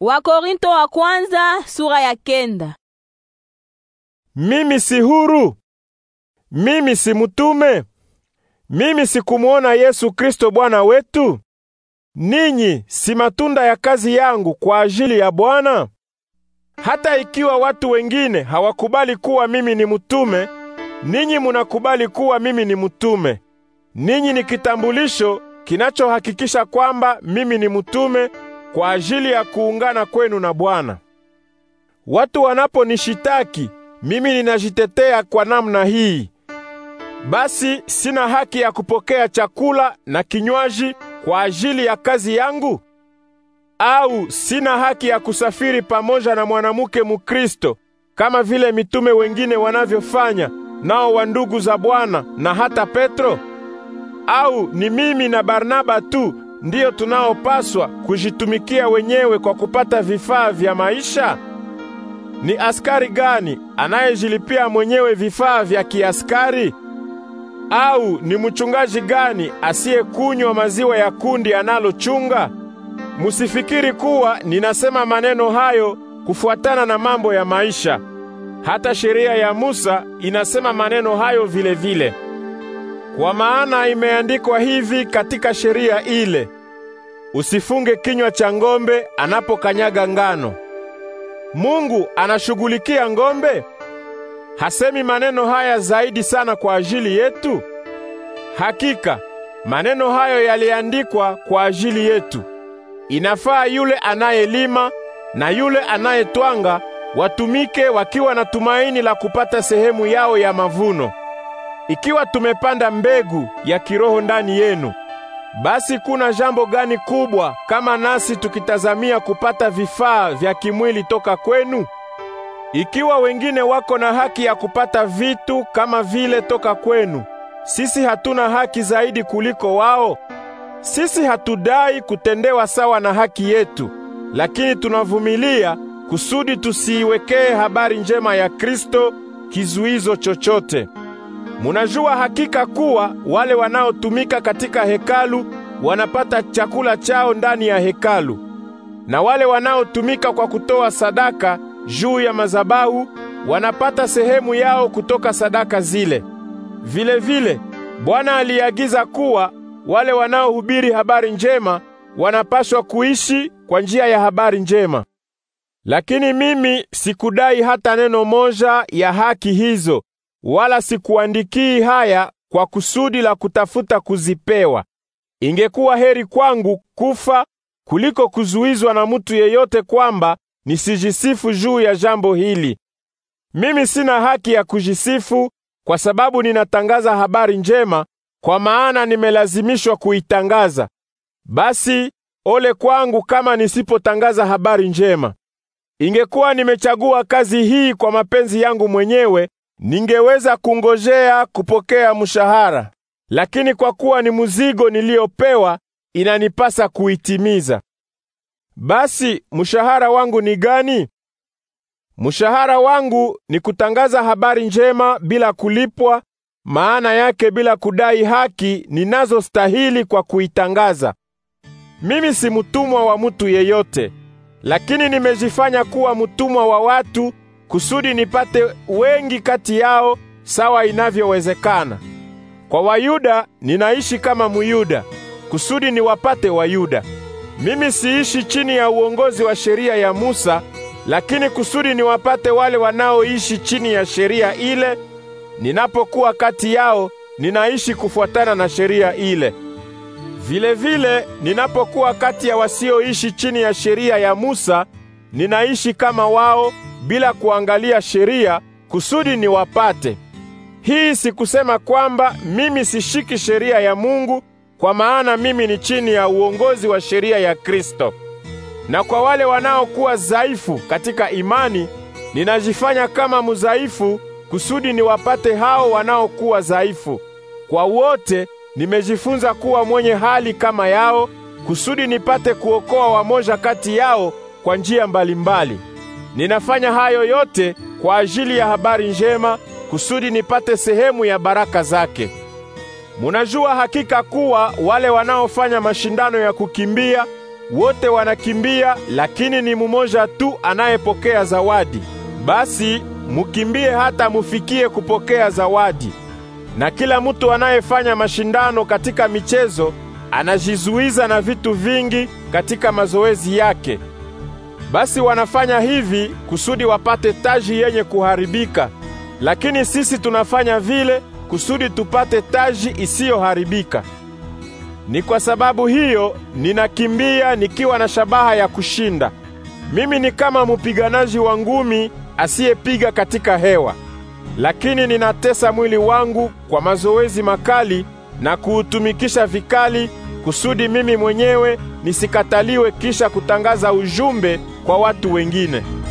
Wakorinto wa kwanza sura ya kenda. Mimi si huru, mimi si mtume, mimi si kumuona Yesu Kristo Bwana wetu? Ninyi si matunda ya kazi yangu kwa ajili ya Bwana? Hata ikiwa watu wengine hawakubali kuwa mimi ni mtume, ninyi munakubali kuwa mimi ni mtume. Ninyi ni kitambulisho kinachohakikisha kwamba mimi ni mtume kwa ajili ya kuungana kwenu na Bwana. Watu wanaponishitaki mimi, ninajitetea kwa namna hii: basi sina haki ya kupokea chakula na kinywaji kwa ajili ya kazi yangu? Au sina haki ya kusafiri pamoja na mwanamke Mukristo kama vile mitume wengine wanavyofanya, nao wa ndugu za Bwana na hata Petro? Au ni mimi na Barnaba tu ndiyo tunaopaswa kujitumikia wenyewe kwa kupata vifaa vya maisha? Ni askari gani anayejilipia mwenyewe vifaa vya kiaskari? Au ni mchungaji gani asiyekunywa maziwa ya kundi analochunga? Musifikiri kuwa ninasema maneno hayo kufuatana na mambo ya maisha. Hata sheria ya Musa inasema maneno hayo vile vile. Kwa maana imeandikwa hivi katika sheria ile: Usifunge kinywa cha ng'ombe anapokanyaga ngano. Mungu anashughulikia ng'ombe? Hasemi maneno haya zaidi sana kwa ajili yetu? Hakika maneno hayo yaliandikwa kwa ajili yetu. Inafaa yule anayelima na yule anayetwanga watumike wakiwa na tumaini la kupata sehemu yao ya mavuno. Ikiwa tumepanda mbegu ya kiroho ndani yenu, basi kuna jambo gani kubwa kama nasi tukitazamia kupata vifaa vya kimwili toka kwenu? Ikiwa wengine wako na haki ya kupata vitu kama vile toka kwenu, sisi hatuna haki zaidi kuliko wao? Sisi hatudai kutendewa sawa na haki yetu, lakini tunavumilia kusudi tusiiwekee habari njema ya Kristo kizuizo chochote. Munajua hakika kuwa wale wanaotumika katika hekalu wanapata chakula chao ndani ya hekalu, na wale wanaotumika kwa kutoa sadaka juu ya mazabahu wanapata sehemu yao kutoka sadaka zile. Vile vile Bwana aliagiza kuwa wale wanaohubiri habari njema wanapaswa kuishi kwa njia ya habari njema. Lakini mimi sikudai hata neno moja ya haki hizo wala sikuandikii haya kwa kusudi la kutafuta kuzipewa. Ingekuwa heri kwangu kufa kuliko kuzuizwa na mtu yeyote kwamba nisijisifu juu ya jambo hili. Mimi sina haki ya kujisifu kwa sababu ninatangaza habari njema, kwa maana nimelazimishwa kuitangaza. Basi ole kwangu kama nisipotangaza habari njema. Ingekuwa nimechagua kazi hii kwa mapenzi yangu mwenyewe, Ningeweza kungojea kupokea mshahara, lakini kwa kuwa ni mzigo niliyopewa, inanipasa kuitimiza. Basi mshahara wangu ni gani? Mshahara wangu ni kutangaza habari njema bila kulipwa, maana yake bila kudai haki ninazostahili kwa kuitangaza. Mimi si mtumwa wa mtu yeyote, lakini nimejifanya kuwa mtumwa wa watu kusudi nipate wengi kati yao sawa inavyowezekana. Kwa Wayuda ninaishi kama Myuda kusudi niwapate Wayuda. Mimi siishi chini ya uongozi wa sheria ya Musa, lakini kusudi niwapate wale wanaoishi chini ya sheria ile. Ninapokuwa kati yao, ninaishi kufuatana na sheria ile. vile vile, ninapokuwa kati ya wasioishi chini ya sheria ya Musa, ninaishi kama wao bila kuangalia sheria kusudi niwapate. Hii si kusema kwamba mimi sishiki sheria ya Mungu, kwa maana mimi ni chini ya uongozi wa sheria ya Kristo. Na kwa wale wanaokuwa dhaifu katika imani, ninajifanya kama mudhaifu kusudi niwapate hao wanaokuwa dhaifu. Kwa wote nimejifunza kuwa mwenye hali kama yao kusudi nipate kuokoa wamoja kati yao kwa njia mbalimbali. Ninafanya hayo yote kwa ajili ya habari njema, kusudi nipate sehemu ya baraka zake. Munajua hakika kuwa wale wanaofanya mashindano ya kukimbia wote wanakimbia, lakini ni mumoja tu anayepokea zawadi. Basi mukimbie hata mufikie kupokea zawadi. Na kila mtu anayefanya mashindano katika michezo anajizuiza na vitu vingi katika mazoezi yake. Basi wanafanya hivi kusudi wapate taji yenye kuharibika, lakini sisi tunafanya vile kusudi tupate taji isiyoharibika. Ni kwa sababu hiyo ninakimbia nikiwa na shabaha ya kushinda. Mimi ni kama mpiganaji wa ngumi asiyepiga katika hewa, lakini ninatesa mwili wangu kwa mazoezi makali na kuutumikisha vikali, kusudi mimi mwenyewe nisikataliwe kisha kutangaza ujumbe kwa watu wengine.